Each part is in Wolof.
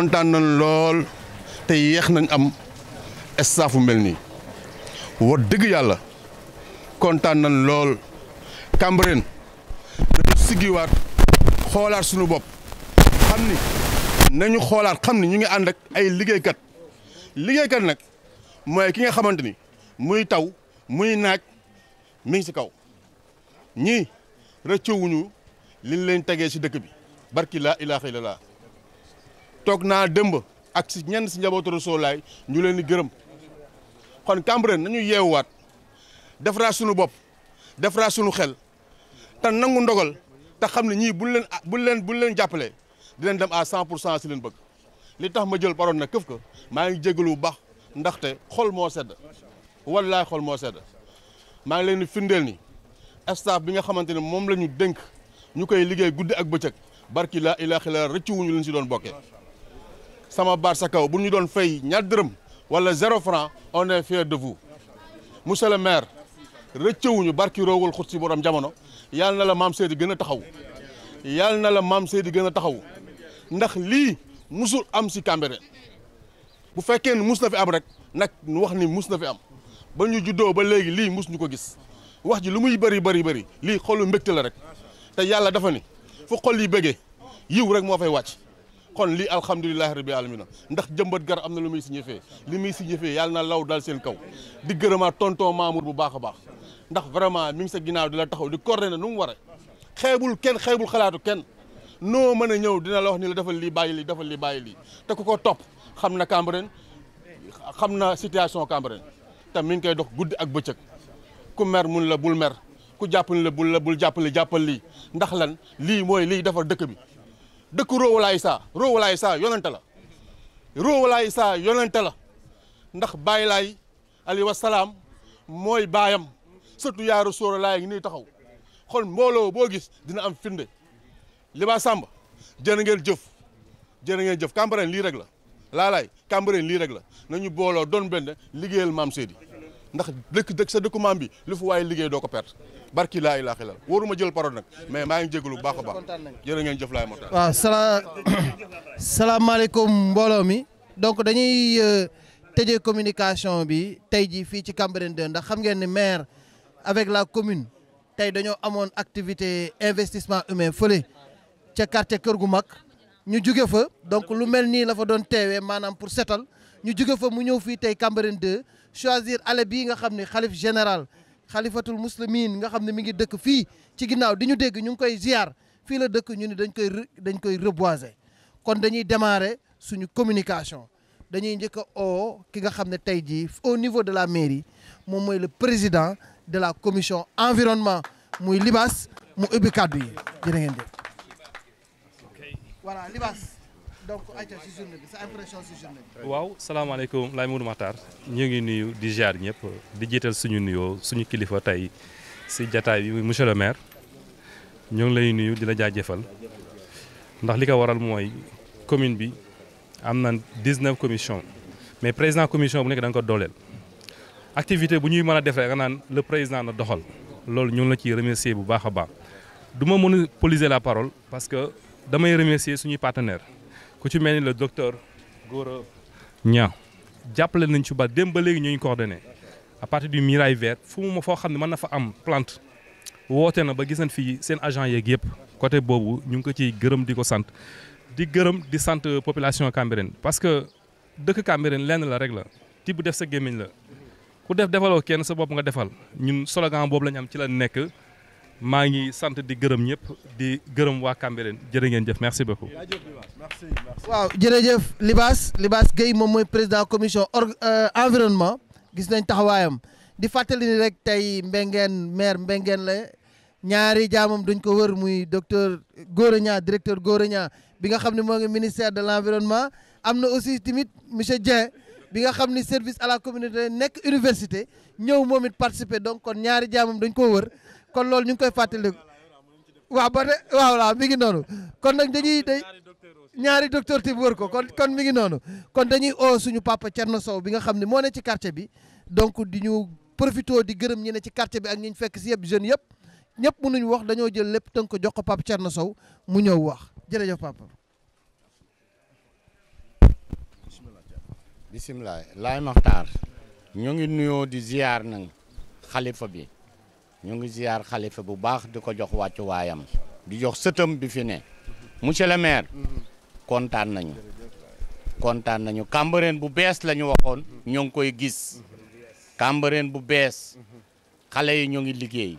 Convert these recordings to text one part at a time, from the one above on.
kontaan nañ lool te yeex nañ am staff mel nii wax dëgg yàlla kontaan nañ lool Cambérène dañu siggiwaat xoolaat suñu bopp xam ni nañu xoolaat xam ni ñu ngi ànd ay liggéeykat liggéeykat nag mooy ki nga xamante ni muy taw muy naaj mi ngi si kaw ñii rëccewuñu liñ leen tegee si dëkk bi barki laa ilaaha illallaah toog naa dëmb ak si ñenn si njabootu Rasulullaay ñu leen di gërëm kon Cambérène nañu yeewwaat defaraa sunu bopp defaraat sunu xel te nangu ndogal te xam ne ñii bu leen buñ leen buñ leen jàppale dinañ dem à cent pour cent si leen bëgg li tax ma jël parole nag këf ka maa ngi jégalu bu baax ndaxte xol moo sedd wallaay xol moo sedd maa ngi leen di firndeel ni staff bi nga xamante ne moom la ñu dénk ñu koy liggéey guddi ak bëccëg barki laa ilaaha illa rëccu wuñu leen si doon bokkee sama baat sa kaw bu ñu doon fay ñaar dërëm wala zéro franc on est fier de vous monsieur le maire rëccëwuñu barki roowul xut si borom jamono yàlla na la maam Seydi gën a taxaw yàlla na la maam Seydi gën a taxaw ndax lii musul am si Cambérène bu fekkee ne mus na fi am rek nag nu wax ni mus na fi am ba ñu juddoo ba léegi lii mus ñu ko gis wax ji lu muy bari bari bari lii xolu mbégte la rek te yàlla dafa ni fu xol yi bëggee yiw rek moo fay wàcc kon lii alhamdulilahi rabi alamina ndax jëmbat gar am na lu muy signifié li muy signifié yàlla na law dal seen kaw di gërëmaat tonton Mamour bu baax a baax ndax vraiment mi ngi sa ginnaaw di la taxaw di coordonné nu mu waree xeebul kenn xeebul xalaatu kenn noo mën a ñëw dina la wax ni la defal lii bàyyi lii defal lii bàyyi lii te ku ko topp xam na Cambérène xam na situation Cambérène te mi ngi koy dox guddi ak bëccëg ku mer mun la bul mer ku jàppale la bul la bul jàppale jàppal lii ndax lan lii mooy lii defar dëkk bi dëkk Roowalaay saa Roowalaay saa yonente la Roowalaay saa yonente la ndax Baay Laay alayhi wa salaam mooy baayam surtout yaa Rasuulalaay ngi nii taxaw kon mbooloo boo gis dina am li Liba Samba jërë ngeen jëf jën ngeen jëf Cambérène lii rek la laalaay Cambérène lii rek la nañu booloo doon benn liggéeyal maam Seydi ndax dëkk dëkk sa dëkku maam bi lu fu waaye liggéey doo ko pert barki laa ilaaha illallaah wóoruma jël parole nag mais maa ngi jégalu bu baax a baax jërë ngeen jëf laay moo tax. waaw sala salaamaaleykum mbooloo mi donc dañuy euh, tëjee communication bi tey jii fii ci Cambérène 2 ndax xam ngeen ni maire avec la commune tey dañoo amoon activité investissement humain fële ca quartier Kër gu mag ñu juge fa donc lu mel nii la doon teewee maanaam pour setal ñu juge fa mu ñëw fii tey Cambérène 2 choisir ale bii nga xam ne xalif général. xalifatul muslimin nga xam ne mu ngi dëkk fii ci ginnaaw di dégg ñu ngi koy ziar fii la dëkk ñu ni dañ koy dañ koy reboiser kon dañuy démarrer suñu communication dañuy njëkk a oo ki nga xam ne tey jii au niveau de la mairie moom mooy le président de la commission environnement muy Libaas mu ubbi kàddu yi jërë ngeen jëf donc ayca si journée bi sa impression waaw salaamaaleykum Laye Mourou Matar ñu ngi nuyu di jaar ñëpp di jiital suñu nuyoo suñu kilifa tey si jataay bi monsieur le maire ñoo ngi lay nuyu di la jaajëfal ndax li ko waral mooy commune bi am na 19 commission mais président commission bu nekk da ko dooleel. activité bu ñuy mën a def nga naan le président na doxal loolu ñu ngi la ciy remercier bu baax a baax du ma monopoliser la parole parce que damay remercier suñu partenaires. ku ci mel ni la docteur Gora Niang jàppale nañ ci ba dem ba léegi ñooñu coordonné à partir du Mirail Vert fu mu foo xam ne mën na fa am plante woote na ba gis nañ fii seen agent yeeg yëpp côté boobu ñu ngi ko ciy gërëm di ko sant di gërëm di sant population Cambérène parce que dëkk Cambérène lenn la rek la ti bu def sa gémmiñ la ku def defaloo kenn sa bopp nga defal ñun slogan boobu la ñu am ci la nekk maa ngi sant di gërëm ñëpp di gërëm waa Cambérène jërë ngeen jëf merci beaucoup. waaw jërëjëf Libaas Libaas Guèye moom mooy président commission euh, environnement gis nañ taxawaayam di fàttali ni rek tey Mbengeen maire Mbengeen la ñaari jaamam dañ ko wër muy docteur Gora Niang directeur Gora Niang bi nga xam ne moo ngi ministère de l' environnement am na aussi tamit monsieur Dieng bi nga xam ni service à la communauté nekk université ñëw moom it participer donc kon ñaari jaamam dañ ko wër. kon loolu ñu ngi koy fàttali waaw ba de waaw waaw mi ngi noonu kon nag dañuy day ñaari docteur ti wër ko kon kon mi ngi noonu kon dañuy oo suñu papa Thierno Sow bi nga xam ne moo ne ci quartier bi donc di ñu profito di gërëm ñi ne ci quartier bi ak ñi ñu fekk si yëpp jeunes yëpp ñëpp mënuñu wax dañoo jël lépp tënk ko jox ko papa Thierno Sow mu ñëw wax jërëjëf papa. bisimilah laay maxtaar ñoo ngi nuyoo di ziar nag xalifa bi. ñu ngi ziar xalifa bu baax di ko jox wàccu waayam di jox sëtam bi fi ne monsieur le maire kontaan nañu kontaan nañu Cambérène bu bees la ñu waxoon ñoo ngi koy gis Cambérène bu bees xale yi ñoo ngi liggéey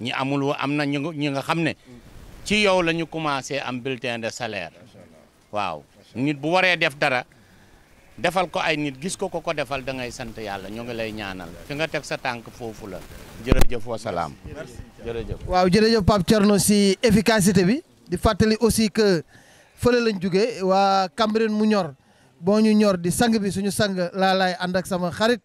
ñi amul am na ñi nga xam ne ci yow la ñu commencé am bulletin de salaire waaw nit bu waree def dara defal ko ay nit gis ko ko ko defal da ngay sant yàlla ñoo ngi lay ñaanal fi nga teg sa tànk foofu la jërëjëf wa salaam waaw jërëjëf Pape Thierno si efficacité bi di fàttali aussi que fële lañ jógee waa Cambérène mu ñor boo ñu ñor di sang bi suñu sang laa laay ànd ak sama xarit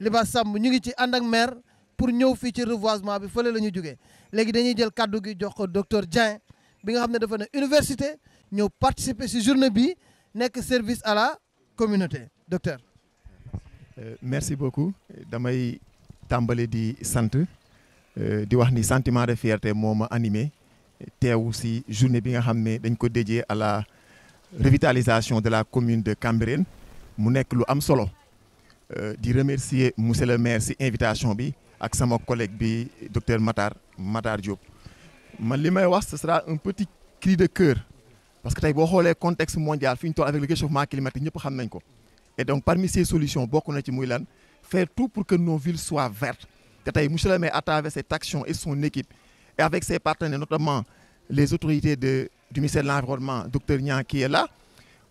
Libaas sàmm ñu ngi ci ànd ak maire pour ñëw fii ci reboisement bi fële la ñu jógee léegi dañuy jël kàddu gi jox ko docteur Dieng bi nga xam ne dafa ne université ñëw participer si journée bi nekk service à communauté docteur. Euh, merci beaucoup damay tàmbali di sant euh, di wax ni sentiment de fierté moom ma animé teew si journée bi nga xam ne dañ ko dédié à la revitalisation de la commune de Cambérène mu nekk lu am solo euh, di remercier monsieur le maire si invitation bi ak sama collègue bi docteur Matar Matar Diop man li may wax ce sera un petit cri de cœur parce que tey boo xoolee contexte mondial fi ñu toll avec le réchauffement climatique ñëpp xam nañ ko parmi ces solutions bokk na ci muy lan faire tout pour que nos villes soient vertes te tey monsieur le maire à travers cette action et son équipe et avec ses partenaires notamment les autorités de du ministère de l'environnement docteur Niang qui est là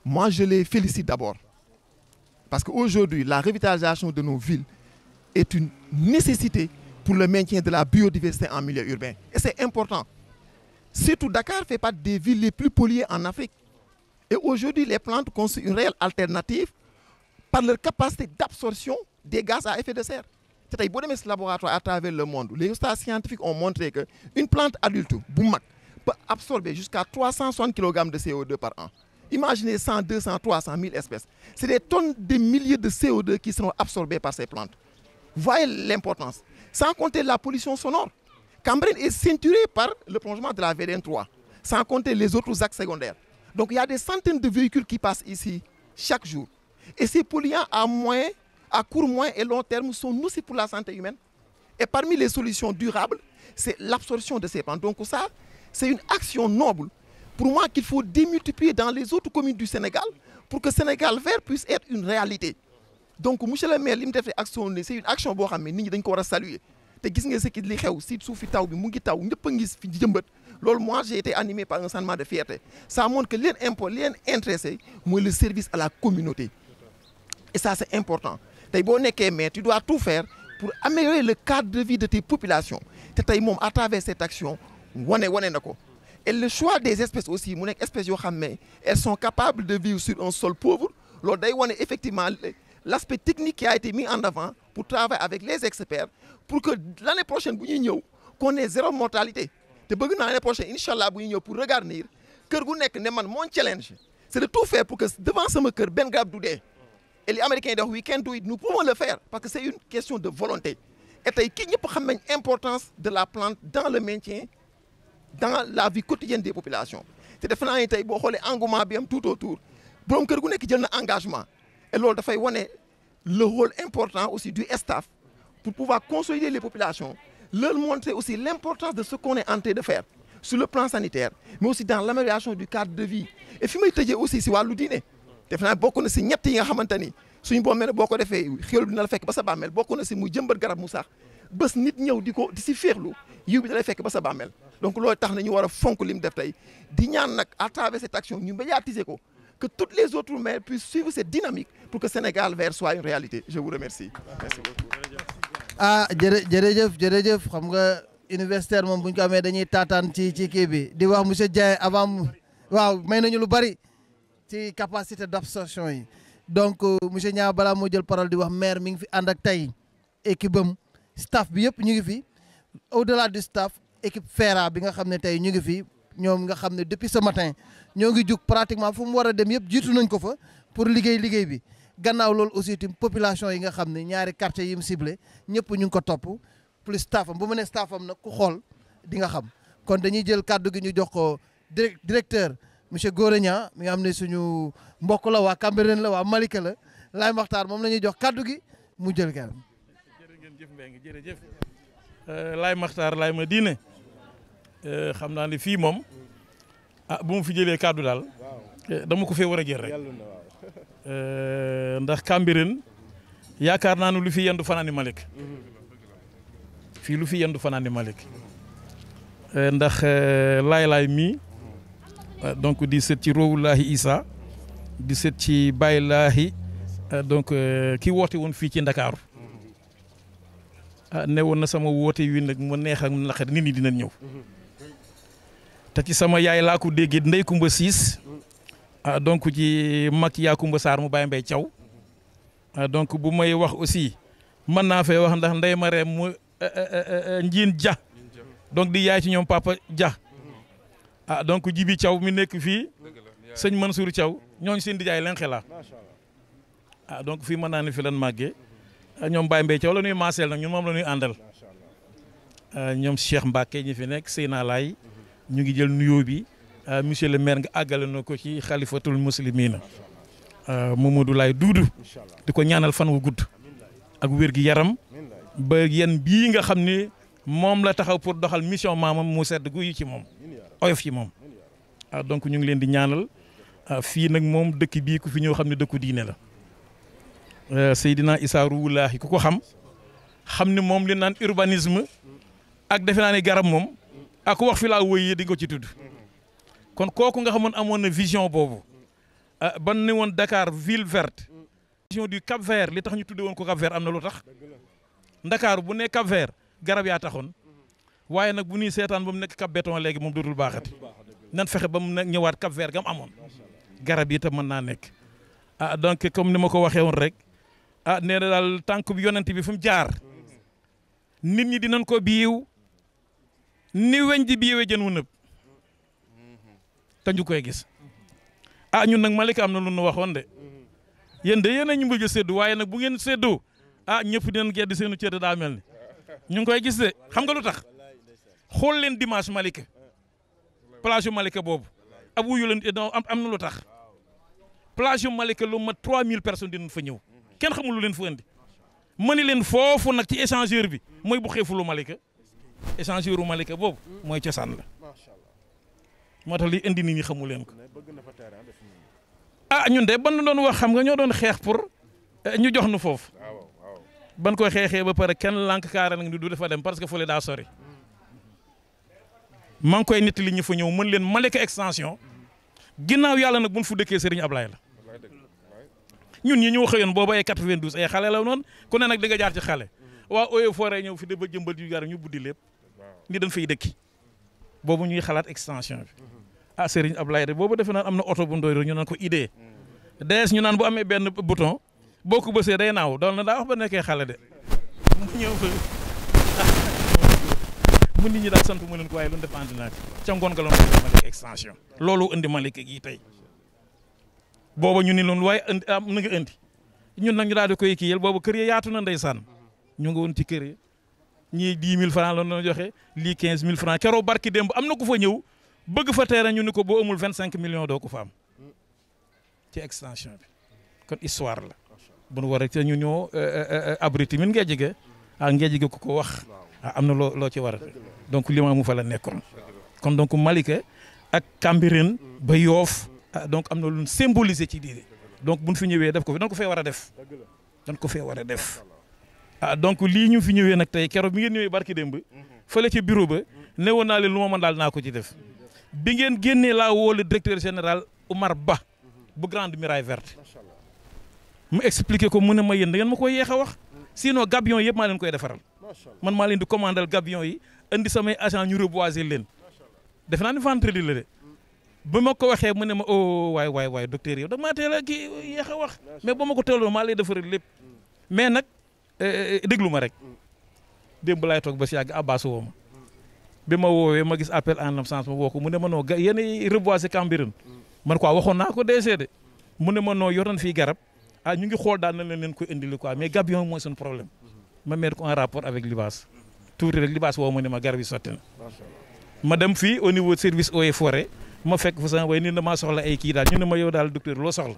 moi je les félicite d'abord parce que aujourd'hui la revitalisation de nos villes est une nécessité pour le maintien de la biodiversité en milieu urbain et c'est important Surtout Dakar fait partie des villes les plus polluées en Afrique. Et aujourd'hui, les plantes constituent une réelle alternative par leur capacité d'absorption des gaz à effet de serre. C'est-à-dire, si vous laboratoire à travers le monde, les résultats scientifiques ont montré qu'une plante adulte, Boumak, peut absorber jusqu'à 360 kg de CO2 par an. Imaginez 100, 200, 300 000 espèces. C'est des tonnes, des milliers de CO2 qui seront absorbées par ces plantes. Voyez l'importance. Sans compter la pollution sonore. Cambérène est ceinturé par le prolongement de la VDN 3, sans compter les autres axes secondaires. Donc il y a des centaines de véhicules qui passent ici chaque jour. Et ces polluants à moyen, à court, moyen et long terme sont nocifs pour la santé humaine. Et parmi les solutions durables, c'est l'absorption de ces pentes. Donc ça, c'est une action noble. Pour moi, qu'il faut démultiplier dans les autres communes du Sénégal pour que Sénégal vert puisse être une réalité. boo xam ne nit ñi dañ ko war te gis nga ce qui li xew si suufi taw bi mu ngi taw ñëpp a fi jëmbat loolu moi j'ai été par un sentiment de fierté ça montre que leen intéressé mooy le service à la communauté et ça c'est important tey boo nekkee maire tu dois tout faire pour améliorer le cadre de vie de tes populations te tey moom à travers cette action wane wane na ko et le choix des espèces aussi mu nekk espèces yoo xam ne elles sont capables de vivre sur un sol pauvre loolu a été mis en avant pour pour que l'année prochaine bu ñuy ñëw qu'on ait zéro mortalité te bëgg naa l'année prochaine incha allah bu ñuy ñëw pour regarnir kër gu nekk ne man mon challenge c'est de tout faire pour que devant sama kër benn garab du dee et les américains di wax it nous pouvons le faire parce que c'est une question de volonté et tey kii ñëpp xam nañ importance de la plante dans le maintien dans la vie quotidienne des populations te defe naa ne tey boo xoolee engouement bi am tout autour borom kër gu nekk jël engagement loolu dafay wane le rôle important aussi du staff pour pouvoir consolider les populations, leur montrer aussi l'importance de ce qu'on est en train de faire sur le plan sanitaire, mais aussi dans l'amélioration du cadre de vie. Et fi may tëjee aussi si wàllu diine def naa bokk na si ñett yi nga xamante ni suñu boo mel boo ko defee xéwal bi dina la fekk ba sa bàmmeel bokk na si muy jëmbat garab mu sax bés nit ñëw di ko di si féexlu yiw bi da fekk ba sa bàmmeel donc loo tax na ñu war a fonk li mu def tey di ñaan nag à travers cette action ñu médiatiser ko que toutes les autres pour que Sénégal vert soit une réalité je vous ah jërë jërëjëf jërëjëf xam nga universitaire moom buñ ñu ko amee dañuy taataan ci ci bi di wax monsieur Dieng avant waaw may nañu lu bari ci capacité d'absorption yi donc euh, monsieur Niang balaa moo jël parole di wax maire mi ngi fi ànd ak tey équipe am staff bi yëpp ñu ngi fi au-delà du staff équipe FERA bi nga xam ne tey ñu ngi fi ñoom nga xam ne depuis ce matin ñoo ngi jug pratiquement fu mu war a dem yëpp jiitu nañ ko fa pour liggéey liggéey bi. gannaaw loolu aussi itam population yi nga xam ne ñaari karte yi mu ciblé ñëpp ñu ngi ko topp plus staffam bu mu ne staffam nag ku xool di nga xam kon dañuy jël kàddu gi ñu jox ko directeur monsieur gore Niang mi nga xam ne suñu mbokk la waa Cambérène la waa Malika la Laye Makhtar moom la ñuy jox kàddu gi mu jël kenn. jërëjëf Mbengue jërëjëf euh, Laye Makhtar Laye Madine euh, xam naa ne fii moom ah bu mu fi jëlee kàddu daal dama ko fee war a jël rek. Euh, ndax Cambérène yaakaar naa ne lu fi yendu fanaani Malick fii lu fi yendu fanaani Malick euh, ndax euh, laay-laay mii donc di seet ci Roowulaahi Isa di seet ci Baylaahi donc ki woote woon fii ci Ndakaaru ah, ne woon na sama woote wi nag mu neex ak naqar nit ñi dinañ ñëw te ci sama yaay laa ko déggee Ndey Kumba Siis Euh, donc ji mag Yacoumba saar mu Baye Mbaye Thiaw euh, donc bu may wax aussi man naa fee wax ndax ndey ma reem mu euh, njiin ja donc di yaay ci ñoom papa ja ah donc Jibi caw mi nekk fii sëñ Mansour Thiaw ñooñ seen di jaay leen xelaa ah donc fii mën naa ne fi lan màggee ah, ñoom Baye Mbaye Thiaw la ñuy maaseel nag ñun moom la ñuy ah, ñoom Cheikh Mbacke ñi fi nekk Seyna Laay ñu ngi jël nuyoo bi Euh, monsieur le maire nga àggale na ko ci xalifatul na muslimina euh, Mamadou Laye Doudou di ko ñaanal fan wa gudd ak wér gi yaram ba yenn bii nga xam ni moom la taxaw pour doxal mission maamam mu sedd guyu ci moom oyof ci moom euh, donc ñu ngi leen di ñaanal fii nag moom dëkk bii ku fi ñëw xam ne dëkku diine la Seydina Issa Ruwulaahi ku ko xam xam ne moom li naan urbanisme ak defe naa ne garab moom ak wax fi laa wëy di nga ko ci tudd kon kooku nga xamoon amoon na vision boobu ah, ban ne woon Dakar ville verte. vision du Cap Vert li tax ñu tuddee woon ko Cap Vert am na lu tax. Dakar bu ne Cap Vert garab yaa taxoon waaye nag bu ñuy seetaan ba mu nekk Cap Béton léegi moom dootul baaxati nan fexe ba mu ñëwaat Cap Vert gam amoon garab yi tam mën naa nekk. ah donc comme ni ma ko waxee woon rek ah, nee na daal tànk bi yonent bi fu mu jaar nit ñi dinañ ko biiw ni weñ di biiwee jën wu nëb. te koy gis a ah, ñun nag Malika am na lu nu waxoon de yéen de yéen a ñu bëgg a waaye nag bu ngeen séddu ah ñëpp dinañ gedd seenu cër daa mel ni ñu ngi koy gis de xam nga lu tax xool leen dimanche Malika plage yu Malika boobu ab wuyu leen eh, am na lu tax plage yu Malika lu mat mille personne dinañ fa ñëw kenn xamul lu leen fa ma ni leen foofu nag ci échangeur bi mooy bu xeefulu Malika échangeur u Malika boobu mooy cosaan la. moo tax li indi nit ñi xamu leen ko ah ñun de ban nu doon wax xam nga ñoo doon xeex pour eh, ñu jox nu foofu ah, ban koy xeexee ba pare kenn lànk kaara nag ni du dafa dem parce que fële daa sori maa koy nit li ñu fa ñëw mën leen Malika extension ginnaaw yàlla nag buñ fu dëkkee Serigne Ablaye la ñun ñi ñoo xëyoon boobu ay 92 ay xale la noonu ku ne nag di nga jaar ci xale mm-hmm. waa Oyo Forêt ñëw fi de ba jëmbal yu gar ñu buddi lépp ni ah ab Ablaye de boobu defe naan am na oto bu ñu naan ko idée dees ñu naan bu amee benn bouton boo ko bësee day naaw doon na daa wax ba nekkee xale de mu ñëw fa mu nit ñi daal sant mu leen ko waaye lu def andi naa ci ca ngoon indi Malick gi tey booba ñu ni loon waaye indi am ah, na nga indi ñun nag ñu daal di koy kii yel boobu kër yi yaatu na ndeysaan ñu nga woon ci kër yi ñii 10 000 francs la ñu joxe lii 15 000 francs keroog barki démb am na ku fa ñëw bëgg fa terrain ñu ni ko boo amul vingt cinq millions doo ko fa ci extension bi kon histoire la bu nu waree te ñu ñoo abriti min ngee jege ah ngee jege ku ko wax ah am na loo loo ci war a donc mu fa la nekkoon kon donc Malika ak Cambérène ba Yoof ah, donc am na lu symboliser ci diine donc buñ fi ñëwee def ko fi dañ ko fee war a def dañ ko fee war a def ah donc lii ñu fi ñëwee nag tey keroog bi ngeen ñëwee barki démb fële ci bureau ba newoon naa leen lu ma mën daal naa ko ci def bi ngeen génnee laa woo le directeur général Oumar Ba bu grande muraille verte mu explique ko mu ne ma yéen da ngeen ma ko yéex a wax sinon gabion yëpp maa leen koy defaral man maa leen di commandal gabion yi indi samay agent ñu reboiser leen def naa ni vendredi la de mm. ba ma ko waxee mu ne ma oh waay waay waay docteur yow da maa teel a kii yéex a wax mais ba ma ko teeloon maa lay defaral lépp mm. mais nag eh, eh, déglu ma rek mm. démb laay toog ba si yàgg abbaasu woo ma bi ma woowee ma gis appel en absence ma woo ko mu ne ma noo ga yéen a reboiser Cambérène mm. man a waxoon naa ko DCD mu ne ma noo yoroon fii garab ah ñu ngi xool daal na leen koy indili quoi mm-hmm. ko en ma ne ma garab yi sotti na ma soxla ay kii daal ñu ne ma yow daal docteur loo soxla mën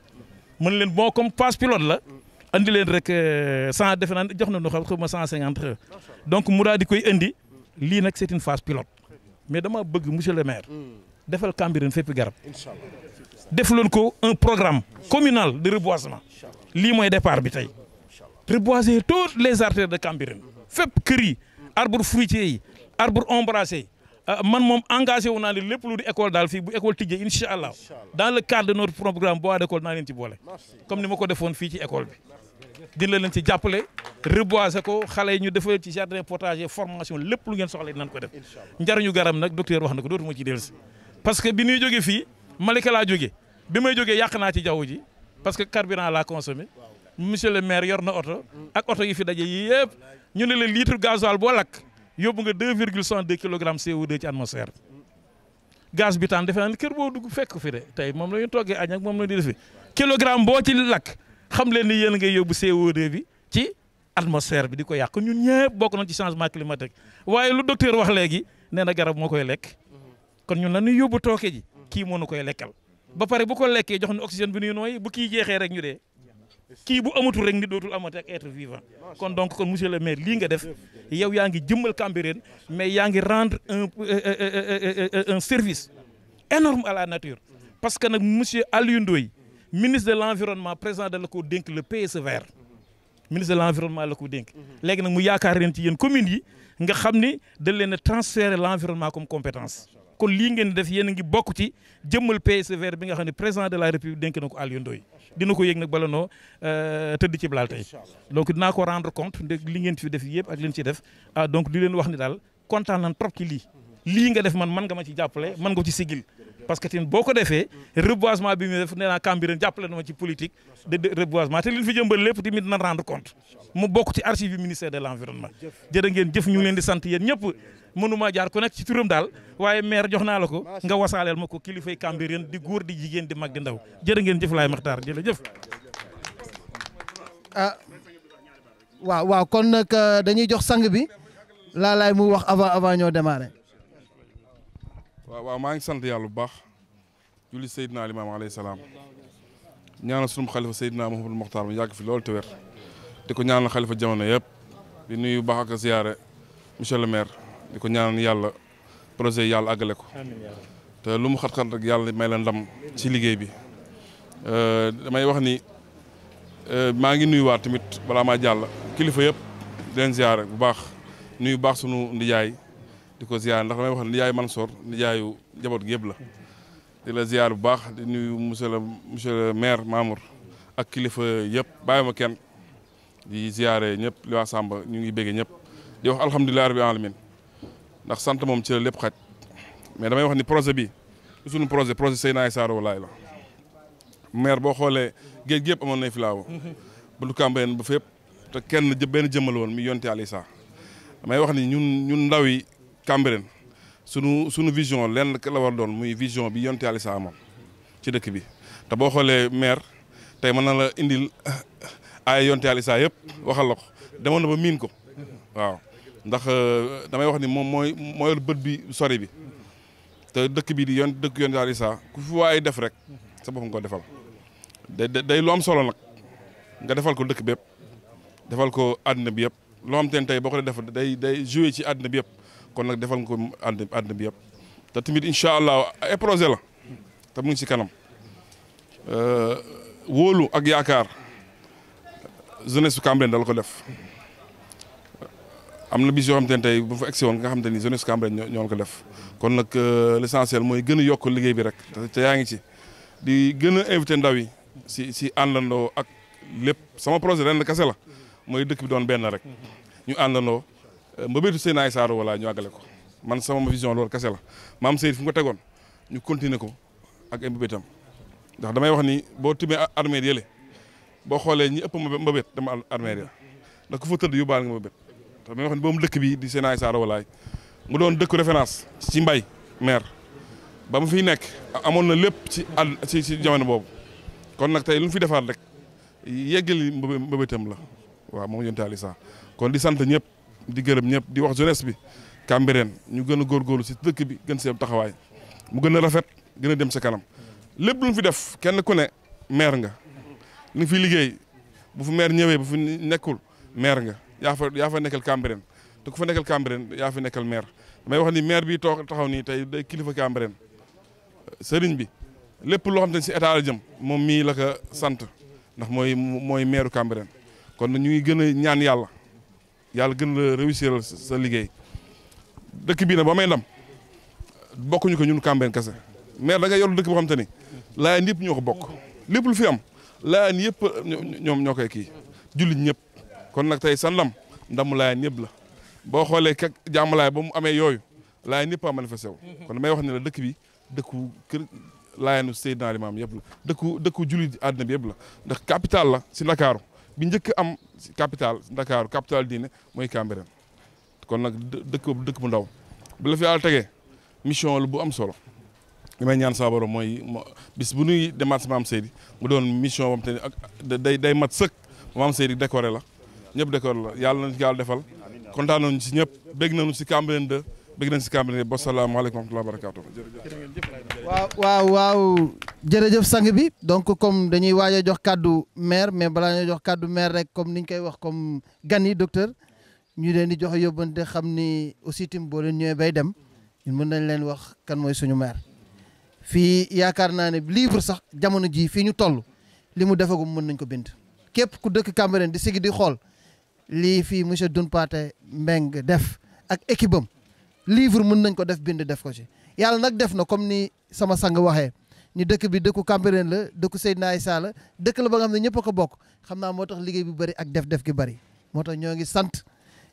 mm-hmm. leen bon comme passe pilote la mm. andi leen rek euh, cent defe naa jox na nu xam xaw ma cent cinquante donc mu koy indi lii nag c'est une phase pilote mais dama bëgg monsieur le maire defal Cambérène fépp garab def loon ko un programme communal de reboisement lii mooy départ bi tey reboiser toutes les artères de Cambérène fépp kër yi arbre fruitier yi euh, man moom engagé wu naa ne di école daal fii bu école tijjee incha dans le cadre de notre programme bois d'école naa leen ci boole comme ni ma ko defoon fii ci école bi dina leen ci jàppale reboiser ko xale yi ñu defal ci jardin potager formation lépp lu ngeen soxla dinañ ko def njariñu garab nag docteur wax na ko dootuma ci dellusi parce que bi ñuy jógee fii Malika laa jógee bi may jógee yàq naa ci jaww ji parce que carburant laa consommé monsieur le maire yor na oto ak oto yi fi daje yii ñu ne la litre gasoil boo lakk yóbbu nga 2 virgule 62 kilogrammes CO2 ci atmosphère gaz bi taan defe naa ne kër boo dugg fekk fi de tey moom la ñu toggee añ ak moom la ñu boo ci lakk. xam leen ni yéen a ngay yóbbu co bi ci atmosphère bi di ko yàq ñun ñëpp bokk nañ ci changement climatique waaye lu docteur wax léegi nee na garab moo koy lekk kon ñun la ñuy yóbbu tooke ji kii moo nu koy lekkal ba pare bu ko lekkee jox ñu oxygène bi ñuy nooy bu kii jeexee rek ñu dee kii bu amatul rek ni dootul amati ak être vivant kon donc kon monsieur le maire lii nga def yow yaa ngi jëmmal Cambérène mais yaa ngi rendre un euh, euh, euh, un service énorme à la nature parce que nag monsieur Aliou Ndoye ministre de l' environnement président la ko dénk le PSE vert ministre de l' environnement la ko dénk. léegi nag mu yaakaar leen ci yéen communes yi nga xam ni dañ leen a transférer comme compétence. kon lii ngeen def yéen a ngi bokk ci jëmmal PSE vert bi nga xam ne président de la république denk na ko Aliou Ndoye dina ko yëg nag euh, tëdd ci blaal tey. donc dinaa ko rendre compte li ngeen fi def yëpp ak li ñu def ah donc di leen wax ni daal kontaan lii. lii nga def man man nga ma ci jàppale man nga ci parce que tamit boo ko defee reboisement bi mu def nee naa jàppale na ma ci politique de reboisement te li ñu fi jëmbal lépp tamit na rendre compte mu bokk ci archive bi ministère de l'environnement jërë ngeen jëf ñu ngi leen di sant yéen ñëpp mënumaa jaar ku nekk ci turam daal waaye maire jox naa la ko nga wasaaleel ma ko kilifay Cambérène di góor di jigéen di mag di ndaw jërë ngeen jëf laay maxtaar jërëjëf ah waaw waaw kon nag euh, dañuy jox sang bi laalaay mu wax avant avant ñoo démarrer waaw maa ngi sant yàlla bu baax julli Seydina Limaam alayhi salaam ñaanal sunu xalifa Seydina Mouhamadou Mokhtar mu yàgg fi loolu te wér di ko ñaanal xalifa jamono yëpp di nuyu baax ak ziyaare monsieur le maire di ko ñaanal yàlla projet yàlla àggale ko te lu mu xat-xat rek yàlla may la ndam ci liggéey bi euh, damay wax ni euh, maa ngi nuyuwaat tamit balaa maa jàll kilifa yëpp di leen ziyaare bu baax nuyu baax sunu ndijaay di ko ziar ndax damay wax ne nijaayu Mansour nijaayu njaboot gi la di la ziar bu baax di nuyu monsieur le monsieur maire Mamour ak kilifa yëpp bàyyi ma kenn di ziare ñëpp li waa Samba ñu ngi béggee ñëpp di wax alhamdulilah rabbi alamin ndax sant moom ci la lépp xaj mais damay wax ni projet bi suñu projet projet Seydina Issa Rohou la maire boo xoolee géej gi yëpp amoon nay filaawo bu du kàmbayeen ba fépp te kenn benn jëmmal woon mi yonte Cambérène sunu sunu vision lenn la war doon muy vision bi yonte Yàlla saa moom ci dëkk bi te boo xoolee maire tey mën na la indil ay yonte Yàlla saa yëpp waxal la ko demoon na ba miin ko waaw ndax euh, damay wax ni moom mooy mooyal bët bi sori bi te dëkk bi di yon dëkk yonte Yàlla saa ku fi waaye def rek sa bopp ko defal day day lu solo nag nga defal ko dëkk bi yëpp defal ko àddina bi yëpp loo xam te ne tey boo ko def day day ci àddina bi yëpp kon nag defal nga ko ànd bi yëpp te tamit incha allah ay projet la te mu ngi si kanam euh, wóolu ak yaakaar jeunesse su Cambérène dala ko def am na bis yoo xam te ne tey bu fa egsi woon nga xam te ni jeunesse su Cambérène ñoo ko def kon nag euh, l'essentiel mooy gën a yokk liggéey bi rek te yaa ngi ci di gën a invité ndaw yi si si àndandoo ak lépp sama projet ren kase la mooy dëkk bi doon benn rek ñu àndandoo. mbëbëtu Seydina Issa Rouhou Laye ñu àggale ko man sama vision loolu kese la maam Seydou fu mu tegoon ñu continuer ko ak ay mbëbëtam ndax damay wax ni boo timmee armée yële boo xoolee ñu ëpp mbëbët dama armée ya ndax ku fa tëdd yóbbaale nga mbëbët te damay wax ni boobu dëkk bi di Seydina Issa Rouhou mu doon dëkku référence si mbay maire ba mu fi nekk amoon na lépp si àll si ci jamono boobu kon nag tey lu mu fi defaat rek yeggali mbëbëtam la waaw moom yontaali sa kon di sant ñëpp. di gërëm ñëpp di wax jeunesse bi Cambérène ñu gën a góorgóorlu si dëkk bi gën si taxawaay mu gën a rafet gën a dem sa kanam lépp lu fi def kenn ku ne maire nga li fi liggéey bu fi maire ñëwee bu fu nekkul maire nga yaa fa yaa fa nekkal Cambérène te ku fa nekkal Cambérène yaa fi nekkal meer may wax ni maire bi toog taxaw nii tey day kilifa Cambérène sëriñ bi lépp loo xam te si état jëm moom mii la sant ndax mooy mooy maire Cambérène kon ñu gën a ñaan yàlla yàlla gën la réussir sa liggéey dëkk bii nag boo may ndam bokkuñu ko ñun Cambérène kese mais da nga yor dëkk boo xam te ni laayeen yëpp ñoo ko bokk lépp lu fi am laayeen yëpp ñoom ñoo koy kii jullit ñëpp kon nag tey sa ndam ndamu laayeen yëpp la boo xoolee kek jàmmalaay ba mu amee yooyu laayeen yëpp a manifesté wu kon may wax ne la dëkk bi dëkku kër laayeenu Seydina Limaamu yëpp la dëkku dëkku jullit àddina bi yëpp la ndax capital la si Ndakaaru bi njëkk am capital Dakar capital diine mooy Cambérène kon nag dëkk dëkk bu ndaw bu la tegee mission la bu am solo li may ñaan saa borom mooy bis bu nuy demaat si maam Seydi mu doon mission bam te ak day mat sëkk maam Seydi décoré la ñëpp décoré la yàlla na yàlla defal kontaan nañu si ñëpp bégg nañu si Cambérène 2 bëgg nañ si kàmb ne ba salaamaaleykum wa rahmatulah barakaatu. waaw waaw waaw jërëjëf sang bi donc comme dañuy waaj a jox kàddu maire mais balaa ñuy jox kàddu maire rek comme ni ñu koy wax comme gan yi docteur ñu leen di jox yóbbante xam ni aussi tim boo leen ñëwee bay dem mën nañ leen wax kan mooy suñu maire. fii yaakaar naa ne livre sax jamono jii fii ñu toll li mu defagum mën nañ ko bind. képp ku dëkk Cambérène di sigi di xool lii fii monsieur Dune Pathé Mbengue def ak équipe livre mun nañ ko def bind def ko ci yàlla nag def na comme ni sama sang waxee ni dëkk bi dëkku Cambérène la dëkku Seydina Issa la dëkk la ba nga xam ne ñëpp ko bokk xam naa moo tax liggéey bi bëri ak def-def ki bëri moo tax ñoo ngi sant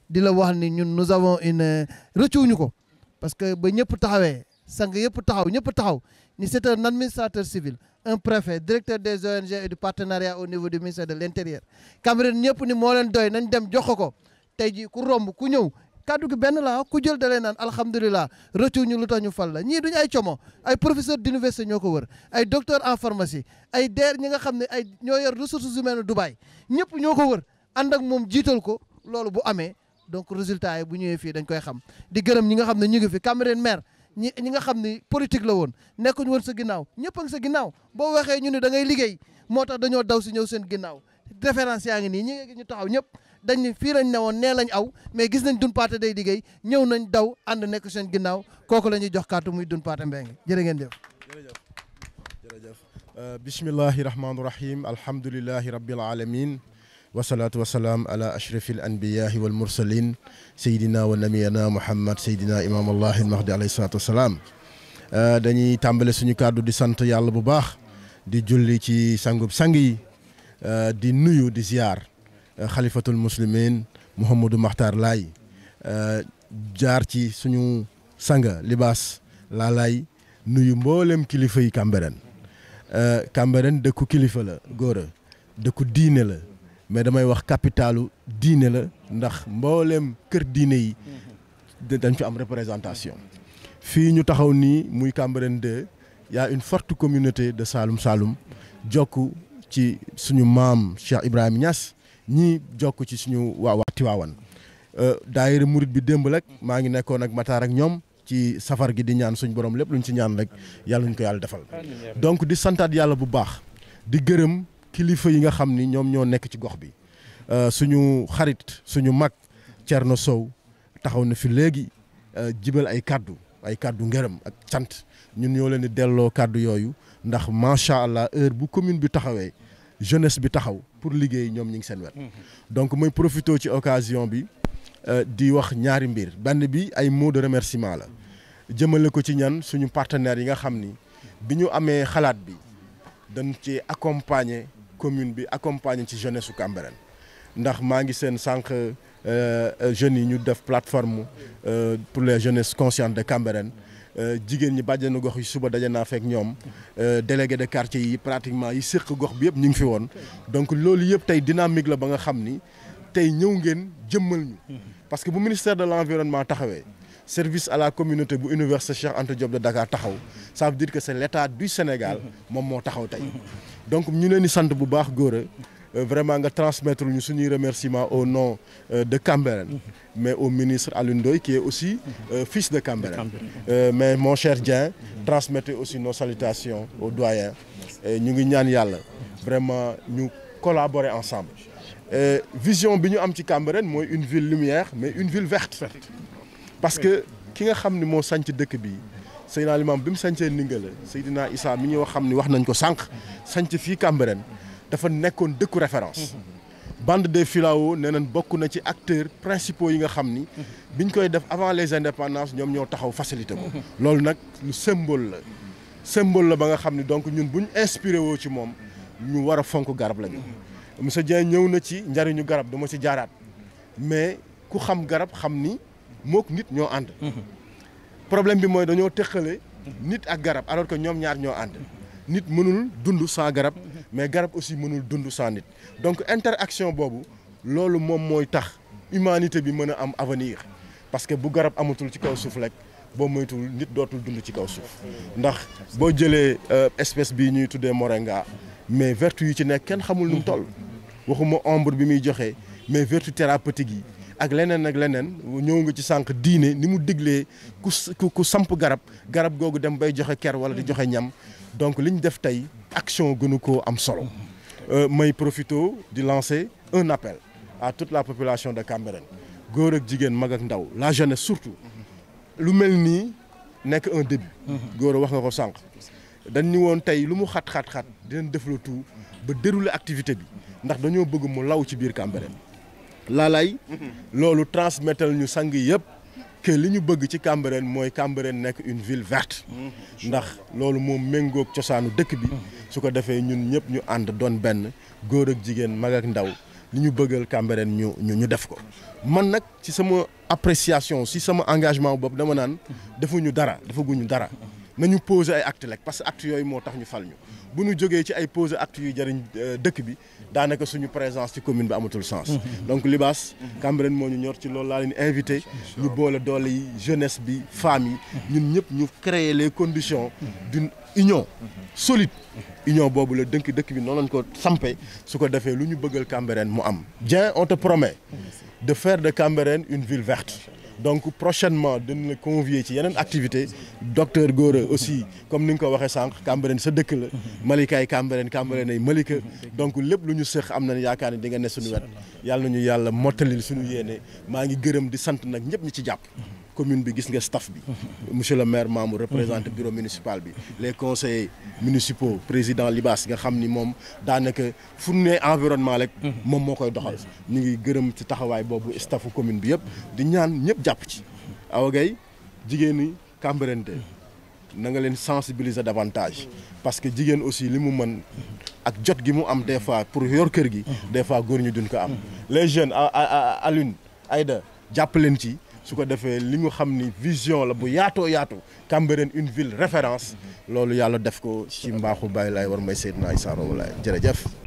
di la wax ni ñun nu nous avons une euh, rëccuwuñu ko parce que ba ñëpp taxawee sang yëpp taxaw ñëpp taxaw ni c'est un administrateur civil un préfet directeur des ONG et du partenariat au niveau de ministère de l'intérieur Cambérène ñëpp ni moo leen doy nañ dem jox ko tey jii ku romb ku ñëw kàddu gi benn la ku jël dalee naan alhamdulilah rëccu ñu lu tax ñu fal la ñii duñu ay como ay professeur d'université ñoo ko wër ay docteur en pharmacie ay DER ñi nga xam ne ay ñoo yor ressources humaines Dubaï ñëpp ñoo ko wër ànd ak moom jiital ko loolu bu amee donc résultat yi bu ñëwee fii dañ koy xam di gërëm ñi nga xam ne ñu ngi fi Cameroun maire ñi ñi nga xam ni politique la woon nekkuñu woon sa ginnaaw ñëpp sa ginnaaw boo waxee ñu ne da ngay liggéey moo tax dañoo daw si ñëw seen ginnaaw référence yaa ngi nii ñu ngi ñu taxaw ñëpp dañu ne fii lañ newoon nee lañ aw mais gis nañ Dune Pathé day liggéey ñëw nañ daw ànd nekk seen ginnaaw kooku la ñuy jox kàttu muy Dune Pathé Mbengue jërë ngeen jëf. jërëjëf jërëjëf euh, bismillahi rahmaani rahim alhamdulilahi rabbil alamin wasalaatu wasalaam ala ashrafi al anbiyahi wal mursalin sayidina wa nabiyana muhammad sayidina imaam allahi al mahdi alayhi salaatu wasalaam euh, dañuy tàmbale suñu kàddu di sant yàlla bu baax di julli ci sangub sang euh, di nuyu di ziar xalifatul muslimin Mouhamadou Makhtar Laye euh, jaar ci suñu sang libaas laa laay nuyu mboolem kilifa yi Cambérène euh, Cambérène dëkku kilifa la góor dëkku diine la mais damay wax capitalu diine la ndax mboolem kër diine yi dañ fi am représentation fii ñu taxaw nii muy Cambérène 2 y une forte communauté de Saloum Saloum jokk ci suñu maam Cheikh Ibrahima Niass ñii jokk ci suñu waa waa Tiwaawan euh, daayira murit bi démb rek maa ngi nekkoon ak Matar ak ñoom ci safar gi di ñaan suñu borom lépp luñ ci ñaan rek yàlla ñu ko yàlla defal donc di santaat yàlla bu baax di gërëm kilifa yi nga xam ni ñoom ñoo nekk ci gox bi euh, suñu xarit suñu mag na Sow taxaw na fi léegi euh, jibal ay kàddu ay kàddu ngërëm ak sant ñun ñoo leen di delloo kàddu yooyu ndax macha allah heure bu commune bi taxawee jeunesse bi taxaw pour liggéey ñoom ñi ngi seen wet mhm. donc mooy profité ci occasion bi euh, di wax ñaari mbir band bi ay mots de remerciement la jëmale ko ci ñan suñu partenaires yi nga xam ni bi ñu amee xalaat bi dañ ci accompagner commune bi accompagner ci jeunesse su Cambérène ndax maa ngi seen sànq euh, euh, jeunes yi ñu def plateforme pour les jeunesses conscientes de Cambérène jigéen ñi na gox yi suba daje naa fekk ñoom euh, délégué de quartier yi pratiquement yi séq gox bi yëpp ñu ngi fi woon donc loolu yëpp tey dynamique la ba nga xam ni tey ñëw ngeen jëmmal ñu parce que bu ministère de l'environnement taxawee service à la communauté bu université Cheikh Anta Diop de Dakar taxaw ça veut dire que c'est l'état du Sénégal moom moo taxaw tey donc ñu leen sant bu baax góor Euh, vraiment nga transmettre ñu suñuy remerciement au nom euh, de Cambérène mm-hmm. mais au ministre Alioune Ndoye qui aussi euh, fils de Cambérène mais mon cher Dieng transmettez aussi nos salutations au doyen ñu ngi ñaan yàlla vraiment ñu collaborer ensemble Et vision bi ñu am ci Cambérène mooy une ville lumière mais une ville verte parce que ki nga xam ni moo sanc dëkk bi naa Limam bi mu sancee Ndingala Seydina Issa mi ñuy xam ni wax nañ ko sànq sanc fii Cambérène dafa nekkoon dëkku référence. bande de filao nee nañ bokk na ci acteur principaux yi nga xam ni. biñ koy def avant les indépendances ñoom ñoo taxaw facilité ko. loolu nag lu symbole la. symbole la ba nga xam ni donc ñun bu ñu inspiré woo ci moom. ñu war a fonk garab lañu. monsieur Dieng ñëw na ci njariñu garab dama ci jaaraat. mais ku xam garab xam ni mook nit ñoo ànd. problème bi mooy dañoo tëqale. nit ak garab alors que ñoom ñaar ñoo ànd. nit mënul dund sans garab mais garab aussi mënul dund sans nit donc interaction boobu loolu moom mooy tax humanité bi mën a am avenir parce que bu garab amatul ci kaw suuf rek boo moytuwul nit dootul dund ci kaw suuf ndax boo jëlee euh, espèce bii ñuy tuddee moringa mais vertu yu ci nekk kenn xamul nu mu toll waxuma ombre bi muy joxee mais vertu thérapeutique yi ak leneen ak leneen ñëw nga ci sànq diine ni mu diglee ku ku samp garab garab googu dem bay joxe ker wala di joxe ñam donc li ñu def tey action gënu ko am solo euh, may profito di lancer un appel à toute la population de Cambérène góor ak jigéen mag ak ndaw la jeunesse surtout lu mel nii nekk un début góor wax nga ko sànq dañ ñu woon tey lu mu xat-xat-xat dinañ def tout ba dërule activité bi ndax dañoo bëgg mu law ci biir Cambérène laalaay loolu transmettre ñu sang yëpp que li ñu bëgg ci Cambérène mooy Cambérène nekk une ville verte mmh. ndax loolu moom méngoog cosaanu dëkk bi mmh. su ko defee ñun ñëpp ñu ànd doon benn góor ak jigéen mag ak ndaw li ñu bëggal Cambérène ñu ñu def ko man nag ci sama appréciation si sama engagement boobu dama naan mmh. defuñu dara defaguñu dara na ñu poser ay acte rek parce que acte yooyu moo tax ñu fal ñu bu ñu jógee ci ay poser acte yu jëriñ euh, dëkk bi daanaka suñu présence ci commune bi amatul sens mhm. donc Libaas Cambérène moo ñu ñor ci loolu laa leen invité ñu boole doole yi jeunesse bi femme yi ñun ñëpp ñu créer les conditions mhm. d'une union mhm. solide union boobu la dënk dëkk bi noonu lañ ko sampe su ko defee lu ñu bëggal Cambérène mu am Dieng on te de faire de Cambérène une ville verte donc prochainement dina la convier ci yeneen activité docteur Gora aussi comme ni nga ko waxee sànq Cambérène sa dëkk la Malikaay Cambérène Cambérène ay Malika donc lépp lu ñu sëx am nañ yaakaar ni di nga ne suñu wet yàlla ñu yàlla mottalil suñu yéene maa ngi gërëm di sant nag ñëpp ñi ci jàpp commune bi gis nga staff bi monsieur le maire Mamour représenté bureau municipal bi les conseillers municipaux président Libas nga xam ni moom daanaka fu ne environnement rek moom moo koy doxal ñu ngi gërëm ci taxawaay boobu staffu commune bi yëpp di ñaan ñëpp jàpp ci Awa Gaye jigéen ñi Cambérène na nga leen sensibiliser davantage parce que jigéen aussi li mu mën ak jot gi mu am des fois pour yor kër gi des fois góor ñu duñ ko am les jeunes Alioune Aïda jàpp leen ci su ko defee li nga xam ni vision la bu yaatoo yaatu Cambérène une ville référence loolu yàlla def ko ci mbaaxu Baye Laye war may seet Seydina Issa Rouhou Laye jërëjëf